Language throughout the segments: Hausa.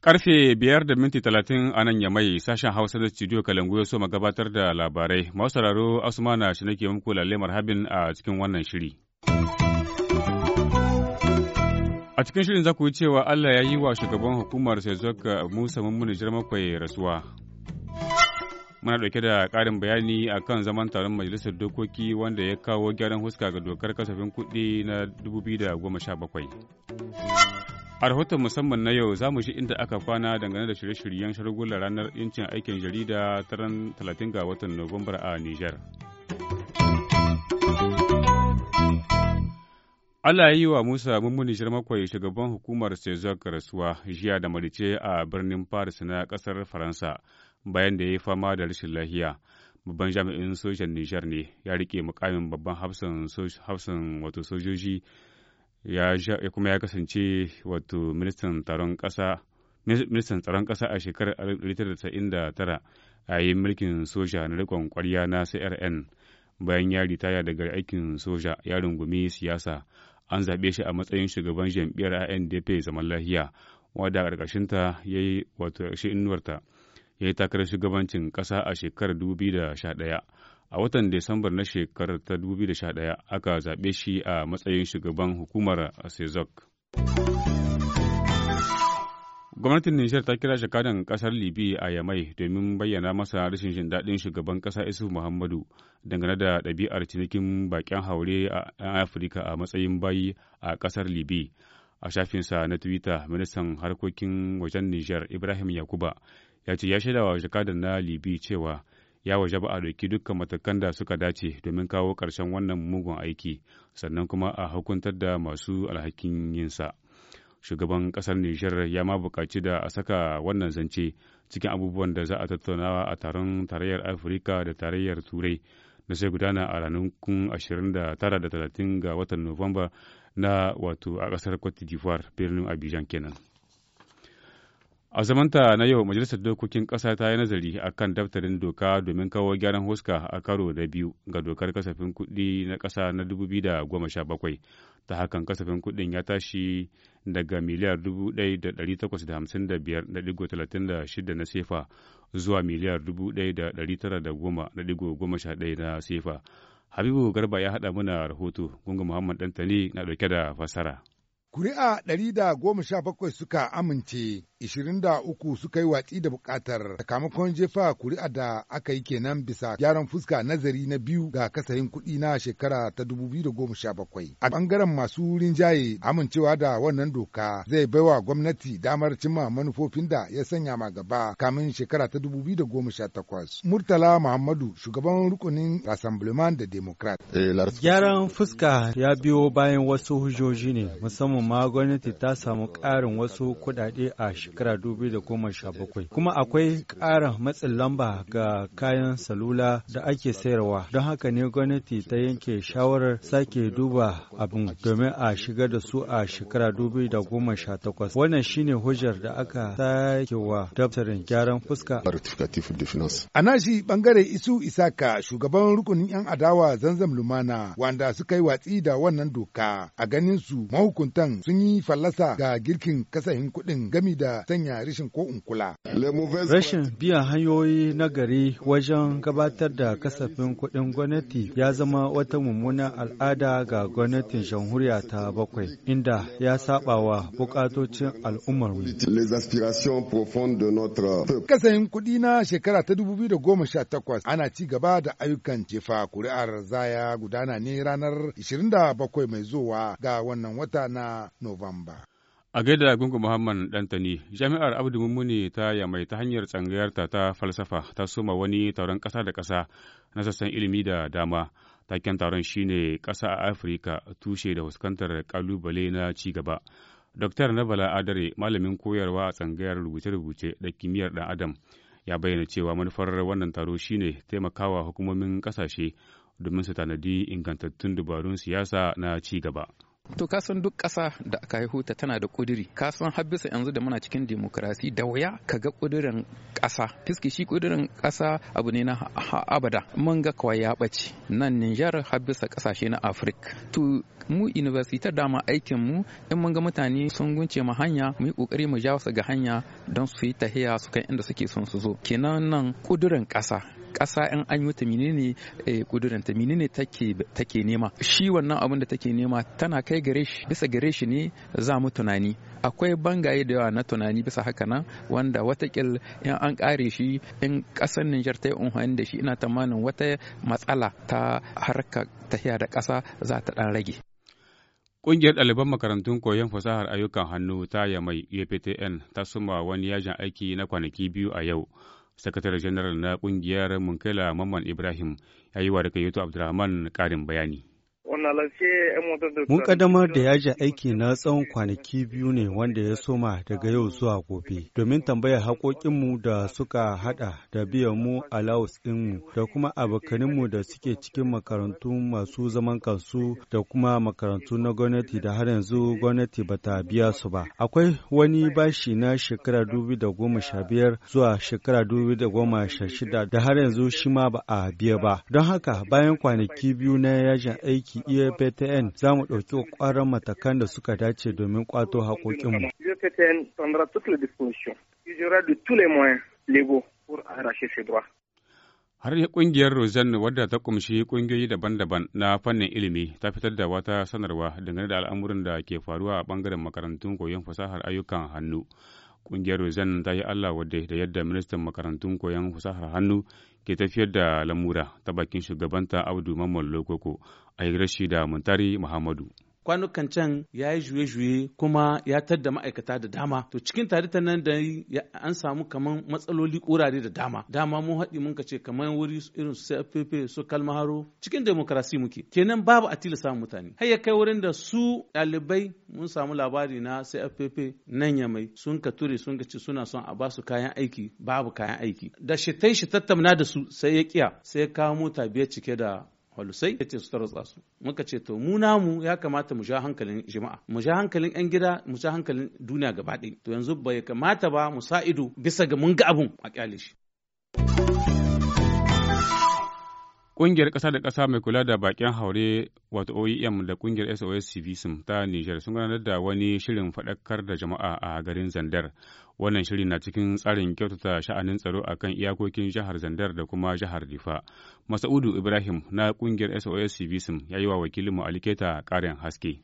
Karfe biyar da minti talatin a nan ya mai sashen Hausa da studio Kalangu ya so gabatar da labarai. Masu sauraro Asumana shi nake muku lalle marhabin a cikin wannan shiri. A cikin shirin za yi cewa Allah ya yi wa shugaban hukumar sai Sezok Musa Mummuni kwaye rasuwa. muna dauke da karin bayani a kan zaman taron majalisar dokoki wanda ya kawo gyaran huska ga dokar kasafin kuɗi na 2017 a rahoton musamman na yau za mu shi inda aka kwana dangane da shirye-shiryen shirgular ranar yancin aikin jarida ran 30 ga watan nuwambar a niger Allah ya yi wa Musa mummuni makwai shugaban hukumar Sezok rasuwa jiya da malice a birnin Paris na kasar Faransa. bayan da ya yi fama da rashin lahiya. Babban jami'in sojan Nijar ne ya rike mukamin babban hafsan wato sojoji ya kuma ya kasance wato ministan tsaron ƙasa a shekarar 1999 a yi mulkin soja na rikon kwarya na CRN bayan ya ritaya daga aikin soja ya rungumi siyasa an zaɓe shi a matsayin shugaban jam'iyyar ANDP zaman lahiya wadda a ƙarƙashinta ya yi wato inuwarta ya yi takarar shugabancin ƙasa a shekarar 2011. A watan Desambar na shekarar ta 2011 aka zaɓe shi a matsayin shugaban hukumar Sezok. Gwamnatin Nijar ta kira jakadan kasar Libi a Yamai domin bayyana masa rashin jin daɗin shugaban ƙasa Isu Muhammadu dangane da ɗabi'ar cinikin bakin haure a Afirka a matsayin bayi a ƙasar Libi. A shafinsa na Twitter, ministan harkokin wajen Nijar Ibrahim Yakuba ya ce ya shaida wa jakadar na libi cewa ya waje ba a ɗauki dukkan matakan da suka dace domin kawo ƙarshen wannan mugun aiki sannan kuma a hukuntar da masu alhakin yinsa shugaban ƙasar nijar ya ma buƙaci da a saka wannan zance cikin abubuwan da za a tattaunawa a taron tarayyar afirka da tarayyar turai na sai gudana a ranakun 29 da 30 ga watan nuwamba na wato a ƙasar cote d'ivoire birnin abidjan kenan. A zamanta na yau Majalisar Dokokin Ƙasa ta yi nazari a kan daftarin doka domin kawo gyaran huska a karo na biyu ga dokar kasafin kuɗi na ƙasa na 2017. Ta hakan kasafin kuɗin ya tashi daga miliyar 1,855.36 na sefa zuwa miliyar 1,910.11 na sefa. Habibu Garba ya haɗa mana rahoto, Gunga Muhammad ɗantani na ɗauke da fasara. Kuri'a ɗari da 117 suka amince, uku suka yi watsi da buƙatar. sakamakon jefa kuri'a da aka yi kenan bisa gyaran fuska nazari na biyu ga kasarin kuɗi na shekara ta 2017. A ɓangaren masu rinjaye amincewa da wannan doka zai baiwa gwamnati damar cimma manufofin da ya sanya ma gaba kamin shekara ta 2018. Murtala Muhammadu shugaban rukunin Rassemblement da Democrat. Eh, gyaran fuska ya biyo bayan wasu hujjoji ne musamman samu ma gwamnati ta samu ƙarin wasu kuɗaɗe a shekara bakwai. Kuma akwai ƙarin matsin lamba ga kayan salula da ake sayarwa. Don haka ne gwamnati ta yanke shawarar sake duba abin domin a shiga da su a shekara takwas. Wannan shine hujjar da aka sake wa daftarin gyaran fuska. A nashi bangare Isu Isaka shugaban rukunin 'yan adawa zanzam lumana wanda suka yi watsi da wannan doka a ganin su mahukuntan Sudan sun yi fallasa ga girkin kasahin kuɗin gami da sanya rashin ko in kula. Rashin biyan hanyoyi na gari wajen gabatar da kasafin kuɗin gwamnati ya zama wata mummuna al'ada ga gwamnatin jamhuriya ta bakwai inda ya saba wa bukatocin al'ummar Kasahin kuɗi na shekara ta 2018 ana ci gaba da ayyukan jefa kuri'ar zaya gudana ne ranar 27 mai zuwa ga wannan wata na A gaida gungun Muhammad Dantani, Jami'ar Abdu Mummuni ta Yamai ta hanyar tsangayarta ta falsafa ta soma wani taron ƙasa da ƙasa na sassan ilimi da dama. Taken taron shine ƙasa a Afirka tushe da fuskantar ƙalubale na ci gaba. Dr. Nabala Adare, malamin koyarwa a tsangayar rubuce-rubuce da kimiyyar ɗan Adam, ya bayyana cewa manufar wannan taro shine taimakawa hukumomin ƙasashe domin su tanadi ingantattun dabarun siyasa na ci gaba. To ka san duk ƙasa da aka haihu ta tana da ƙuduri. Ka san har yanzu da muna cikin demokrasi da wuya ka ga ƙudurin ƙasa. Fiski shi ƙudurin ƙasa abu ne na abada. Mun ga kawai ya ɓace. Nan Nijar har bisa ƙasashe na Afirka. To mu university dama aikin mu in mun ga mutane sun gunce ma hanya mu yi ƙoƙari mu jawo su ga hanya don su yi tahiya su kai inda suke son su zo. Kenan nan ƙudurin ƙasa ƙasa in an yi ta menene eh, ta menene take nema shi wannan abin da take nema tana kai gare shi bisa gare shi ne za mu tunani akwai bangaye da yawa na tunani bisa haka nan wanda watakil in an kare shi in ƙasar Nijar ta yi unhani da shi ina tamanin wata matsala ta harka tahiya da kasa za ta ɗan rage. Ƙungiyar ɗaliban makarantun koyon fasahar ayyukan hannu ta Yamai UPTN ta suma wani yajin aiki na kwanaki biyu a yau. sakatare janar na kungiyar munkila mamman ibrahim ya yi wa da abdulrahman karin bayani Mun ƙaddamar da yajin aiki na tsawon kwanaki biyu ne wanda ya soma daga yau zuwa gobe domin tambayar haƙoƙinmu da suka haɗa da biyan mu allowance ɗinmu da kuma abokaninmu da suke cikin makarantu masu zaman kansu da kuma makarantu na gwamnati da har yanzu gwamnati ba ta biya su ba. Akwai wani bashi na shekara dubu da goma sha biyar zuwa shekara dubu da goma sha shida da har yanzu shi ma ba a biya ba. Don haka bayan kwanaki biyu na yajin aiki UAPTN za mu ɗauki ƙwarar matakan da suka dace domin ƙwato haƙoƙinmu. Har yi ƙungiyar Rosanne wadda ta kumshi ƙungiyoyi daban-daban na fannin ilimi ta fitar da wata sanarwa dangane da al'amuran da ke faruwa a ɓangaren makarantun koyon fasahar ayyukan hannu. Ƙungiyar Rosen ta yi Allah wadda da yadda ministan makarantun koyon fasahar hannu ke tafiyar da lamura ta bakin shugabanta Abdu Mamman Lokoko a rashi da Muntari Muhammadu. kwanukan can ya yi juye-juye kuma ya tadda ma'aikata da dama to cikin tarita nan da an samu kaman matsaloli kurare da dama dama mun haɗi mun ka ce kaman wuri irin su cfpp su kalmaharo cikin demokrasi muke kenan babu a tilasa mutane har ya kai wurin da su ɗalibai mun samu labari na cfpp nan ya mai sun ka ture sun ka ce suna son a basu kayan aiki babu kayan aiki da shi ta shi tattamna da su sai ya kiya sai ya kawo mota biyar cike da halusai ya ce su tarwatsa su muka ce to mu namu ya kamata mu sha hankalin jama'a mu sha hankalin yan gida mu sha hankalin duniya gaba ɗaya to yanzu bai kamata ba mu sa ido bisa ga mun ga abun a kyale shi Ƙungiyar ƙasa da ƙasa mai kula da baƙin haure wato OEM da ƙungiyar SOS Civism ta Nijar sun gudanar da wani shirin faɗakar da jama'a a garin Zandar. Wannan shirin na cikin tsarin kyautata sha'anin tsaro a kan iyakokin jihar Zandar da kuma jihar Difa. Masa'udu Ibrahim na ƙungiyar SOS Civism ya yi wa wakilinmu Aliketa ƙarin haske.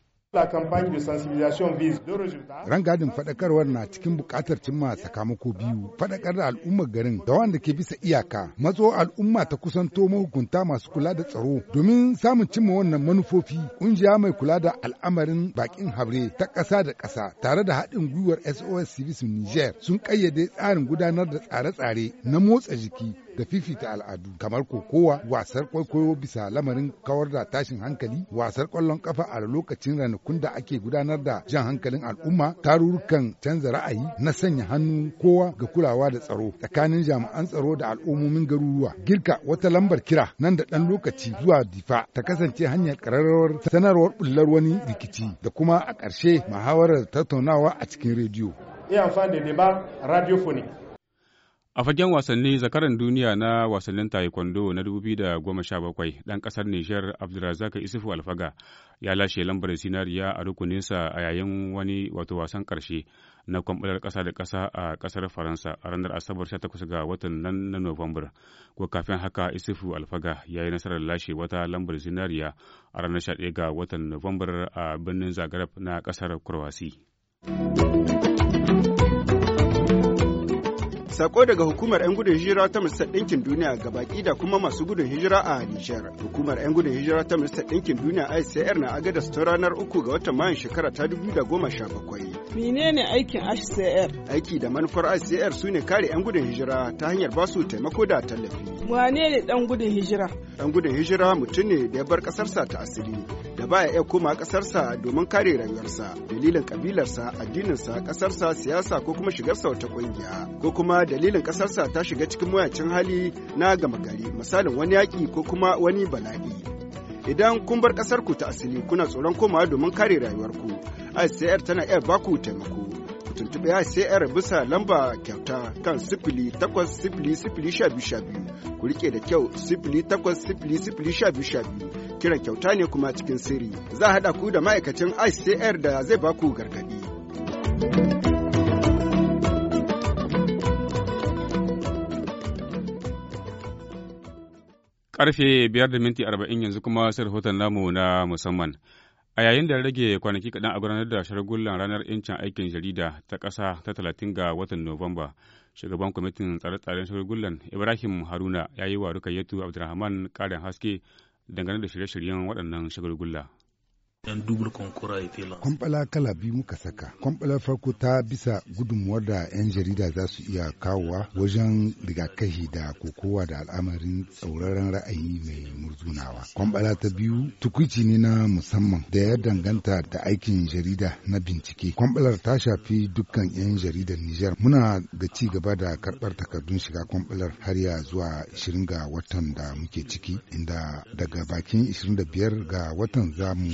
Rangadin faɗakarwar na cikin buƙatar cimma sakamako biyu, faɗakar da al'ummar garin da wanda ke bisa iyaka, matso al'umma ta kusanto mahukunta masu kula da tsaro domin samun cimma wannan manufofi ƙungiya mai kula da al'amarin bakin habre ta ƙasa da ƙasa tare da haɗin gwiwar SOS Civis Niger sun ƙayyade tsarin gudanar da tsare-tsare na motsa jiki da fifita al'adu kamar kokowa wasar kwaikwayo bisa lamarin kawar da tashin hankali wasar kwallon kafa a lokacin ranakun da ake gudanar da jan hankalin al'umma tarurrukan canza ra'ayi na sanya hannu kowa ga kulawa da tsaro tsakanin jami'an tsaro da al'ummomin garuruwa girka wata lambar kira nan da ɗan lokaci zuwa difa ta kasance hanyar ƙararrawar sanarwar bullar wani rikici da kuma a ƙarshe muhawarar tattaunawa a cikin rediyo. Et amfani da débats A fagen wasanni zakaran duniya na wasannin taekwondo na 2017 ɗan ƙasar Nijar Abdulrazak Isufu Alfaga ya lashe lambar zinariya a rukuninsa a yayin wani wato wasan karshe na kwamɓular ƙasa da kasa a kasar Faransa a ranar Asabar 18 ga watan nan na Nuwambar. Ko kafin haka Isufu Alfaga ya yi nasarar lashe wata lambar zinariya a ranar 11 ga watan Nuwambar a birnin Zagreb na ƙasar Kurwasi. Sako daga hukumar 'yan gudun hijira ta Majalisar Ɗinkin Duniya ga baki da kuma masu gudun hijira a Nijar. Hukumar 'yan gudun hijira ta Majalisar Ɗinkin Duniya ICR na agadas ta ranar uku ga watan Mayun shekara ta 2017. Menene aikin ICR? Aiki da manufar ICR su ne kare 'yan gudun hijira ta hanyar basu taimako da tallafi. Wane ne ɗan gudun hijira? Ɗan gudun hijira mutum ne da ya bar ƙasarsa ta asiri da baya iya koma kasarsa domin kare rayuwarsa dalilin ƙabilarsa addininsa ƙasarsa siyasa ko kuma shigarsa wata ƙungiya ko kuma dalilin ƙasarsa ta shiga cikin mayacin hali na gama gari misalin wani yaƙi ko kuma wani bala'i. idan kun bar ƙasarku ta asali kuna tsoron komawa domin kare rayuwarku ICR tana iya baku taimako tuntuɓe ICR bisa lamba kyauta kan sifili takwas sifili sifili sha biyu sha biyu ku rike da kyau sifili takwas sifili sifili sha biyu sha biyu kiran kyauta ne kuma cikin sirri za a haɗa ku da ma'aikacin ICR da zai baku gargaɗi. Karfe biyar da minti arba'in yanzu kuma sai rahoton namu na musamman. A yayin da rage kwanaki kaɗan a gudanar da shargullan ranar 'yancin aikin jarida ta ƙasa ta talatin ga watan Nuwamba, shugaban kwamitin tsare-tsaren shargullan Ibrahim Haruna ya yi wa Rukayyatu Abdulrahman ƙarin haske dangane da shirye-shiryen waɗannan shagulgulla. yan dubul konkura ya fela. Kwamfala kala biyu muka saka. Kwamfala farko ta bisa gudunmuwar da 'yan jarida za su iya kawowa wajen rigakahi da kokowa da al'amarin tsauraran ra'ayi mai murzunawa. Kwamfala ta biyu tukuici ne na musamman da ya danganta da aikin jarida na bincike. Kwamfalar ta shafi dukkan 'yan jaridar Nijar. Muna da ci gaba da karɓar takardun shiga kwamfalar har ya zuwa 20 ga watan da muke ciki inda daga bakin 25 ga watan za mu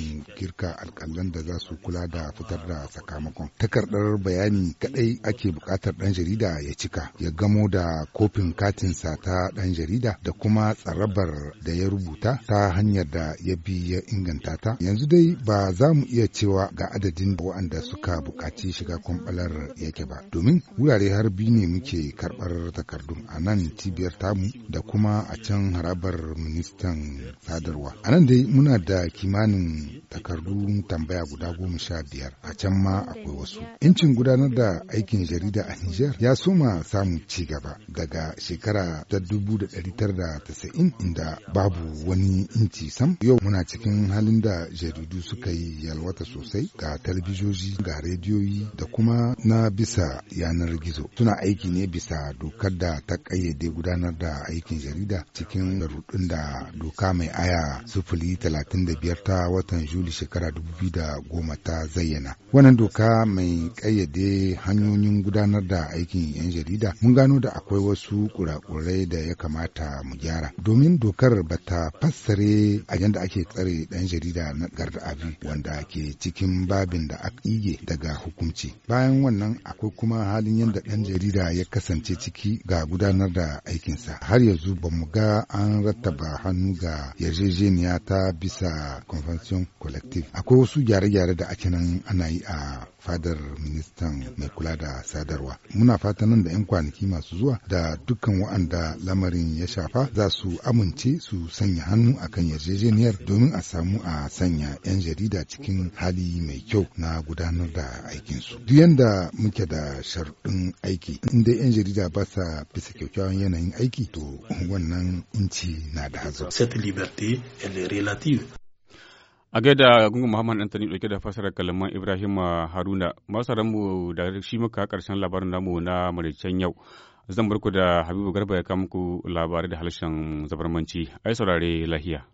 girka alkalan da za su kula da fitar da sakamakon takardar bayani kadai ake bukatar ɗan jarida ya cika ya gamo da kofin katinsa ta ɗan jarida da kuma tsarabar da ya rubuta ta hanyar da ya bi ya inganta ta yanzu dai ba za mu iya cewa ga adadin waɗanda suka bukaci shiga kwamfalar yake ba domin wurare har biyu ne muke karɓar takardun a nan cibiyar tamu da kuma a can harabar ministan sadarwa a nan dai muna da kimanin takardun tambaya guda goma sha biyar a can ma akwai wasu. Incin gudanar da aikin jarida a Nijar ya soma samun ci gaba daga shekara ta dubu da ɗari tara da tasa'in inda babu wani inci sam. Yau muna cikin halin da jaridu suka yi yalwata sosai ga talabijoji ga rediyoyi da kuma na bisa yanar gizo. Suna aiki ne bisa dokar da ta ƙayyade gudanar da aikin jarida cikin rudin da doka mai aya sufuli talatin da biyar ta watan Juli shekara 2010 ta zayyana. Wannan doka mai ƙayyade hanyoyin gudanar da aikin 'yan jarida mun gano da akwai wasu kurakurai da ya kamata mu gyara. Domin dokar ba ta fassare a yadda ake tsare ɗan jarida na abi wanda ke cikin babin da aka ige daga hukunci. Bayan wannan akwai kuma halin yadda ɗan jarida ya kasance ciki ga gudanar da aikinsa. Har yanzu ba mu ga an rattaba hannu ga yarjejeniya ta bisa convention collect. active akwai wasu gyare-gyare da ake nan ana yi a fadar ministan mai kula da sadarwa muna fatan nan da 'yan kwanaki masu zuwa da dukkan wa'anda lamarin ya shafa za su amince su sanya hannu akan yarjejeniyar domin a samu a sanya 'yan jarida cikin hali mai kyau na gudanar da aikinsu duk yanda muke da sharɗin aiki inda 'yan jarida ba sa bisa kyakkyawan yanayin aiki to wannan inci na da hazo. set liberté, elle est relative. A gaida gungun Muhammad Antani dauke da fasarar kalaman Ibrahim Haruna, masu mu da shi muka karshen labarin namu na maraicen yau. Zan barku da Habibu Garba ya kama muku labarai da harshen zabarmanci. Ai saurare lahiya.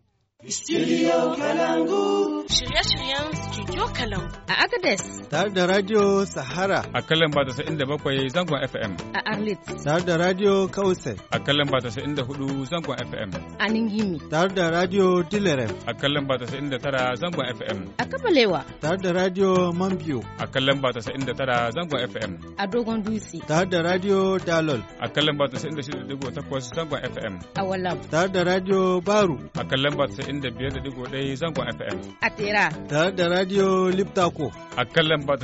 Studio Kalangu. shirye-shiryen Studio kalam A Agadez. Tare da Radio Sahara. A kalan ba da bakwai zangon FM. A Arlit. Tare da Radio kawusai A kalan ba da hudu zangon FM. A Ningimi. Tare da Radio Dilerem. A kalan ba da tara zangon FM. A Kabalewa. Tare da Radio Mambiyo. A kalan ba da tara zangon FM. A Dogon Dutse. Tare da Radio Dalol. A kalan ba da takwas zangon FM. A Walam. Tare da Radio Baru. A kalan ba inda biyar da zangon FM. A sera. Tare da Radio Liptako. A kan lamba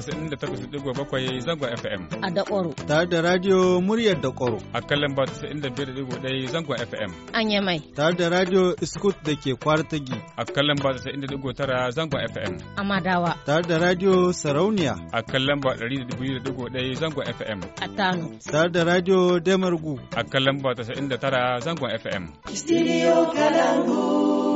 bakwai zangon FM. A Dakoro. Tare da Radio Muryar Dakoro. A kan lamba ɗaya zangon FM. An Yamai. Tare da Radio Iskut da ke Kwartagi. A kan lamba tara zangon FM. amadawa. Tare da Radio Sarauniya. A kan lamba ɗaya zangon FM. A Tano. Tare da Radio Demargu. A kan lamba tara zangon FM. Studio Kalangu.